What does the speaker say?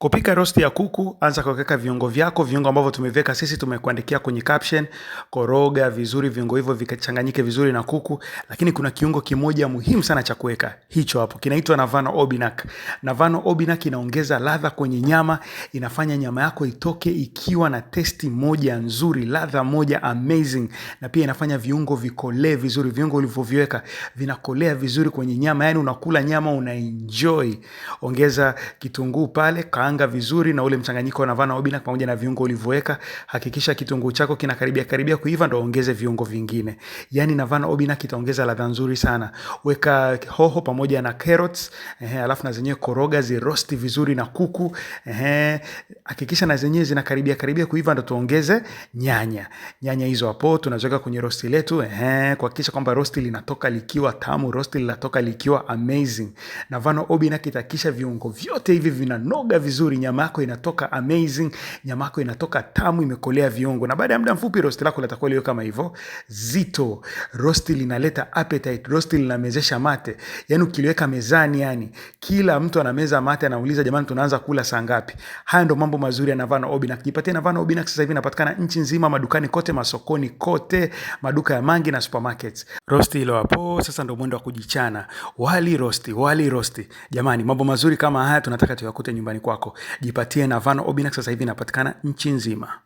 Kupika rosti ya kuku, anza kuweka viungo vyako, viungo ambavyo tumeviweka sisi, tumekuandikia kwenye caption. Koroga vizuri viungo hivyo vikachanganyike vizuri na kuku, lakini kuna kiungo kimoja muhimu sana cha kuweka, hicho hapo kinaitwa Navano Obinak. Navano Obinak inaongeza ladha kwenye nyama, inafanya nyama yako itoke ikiwa na testi moja nzuri, ladha moja amazing, na pia inafanya viungo vikolee vizuri. Viungo ulivyoviweka vinakolea vizuri kwenye nyama, yani unakula nyama unaenjoy. Ongeza kitunguu pale ka kaanga vizuri na ule mchanganyiko na vana obina pamoja na viungo ulivyoweka. Hakikisha kitunguu chako kinakaribia karibia kuiva, ndo ongeze viungo vingine. Yani na vana obina kitaongeza ladha nzuri sana. Weka hoho pamoja na carrots, ehe, alafu na zenyewe koroga zirosti vizuri na kuku, ehe, hakikisha na zenyewe zinakaribia karibia kuiva, ndo tuongeze nyanya. Nyanya hizo hapo tunaziweka kwenye rosti letu, ehe, kuhakikisha kwamba rosti linatoka likiwa tamu, rosti linatoka likiwa amazing. Na vana obina kitakisha viungo vyote hivi vinanoga vizuri vizuri, nyama yako inatoka amazing, nyama yako inatoka tamu, imekolea viungo, na baada ya muda mfupi rosti lako litakuwa lio kama hivyo zito. Rosti linaleta appetite, rosti linamezesha mate, yani ukiliweka mezani, yani kila mtu anameza mate, anauliza jamani, tunaanza kula saa ngapi? Haya ndo mambo mazuri ya Navana Obinac. Jipatie Navana Obinac sasa hivi inapatikana nchi nzima, madukani kote, masokoni kote, maduka ya mangi na supermarkets. Rosti ilo hapo sasa ndo mwendo wa kujichana, wali rosti, wali rosti. Jamani, mambo mazuri kama haya tunataka tuyakute nyumbani kwako wako jipatie navano obinak sasa hivi inapatikana nchi nzima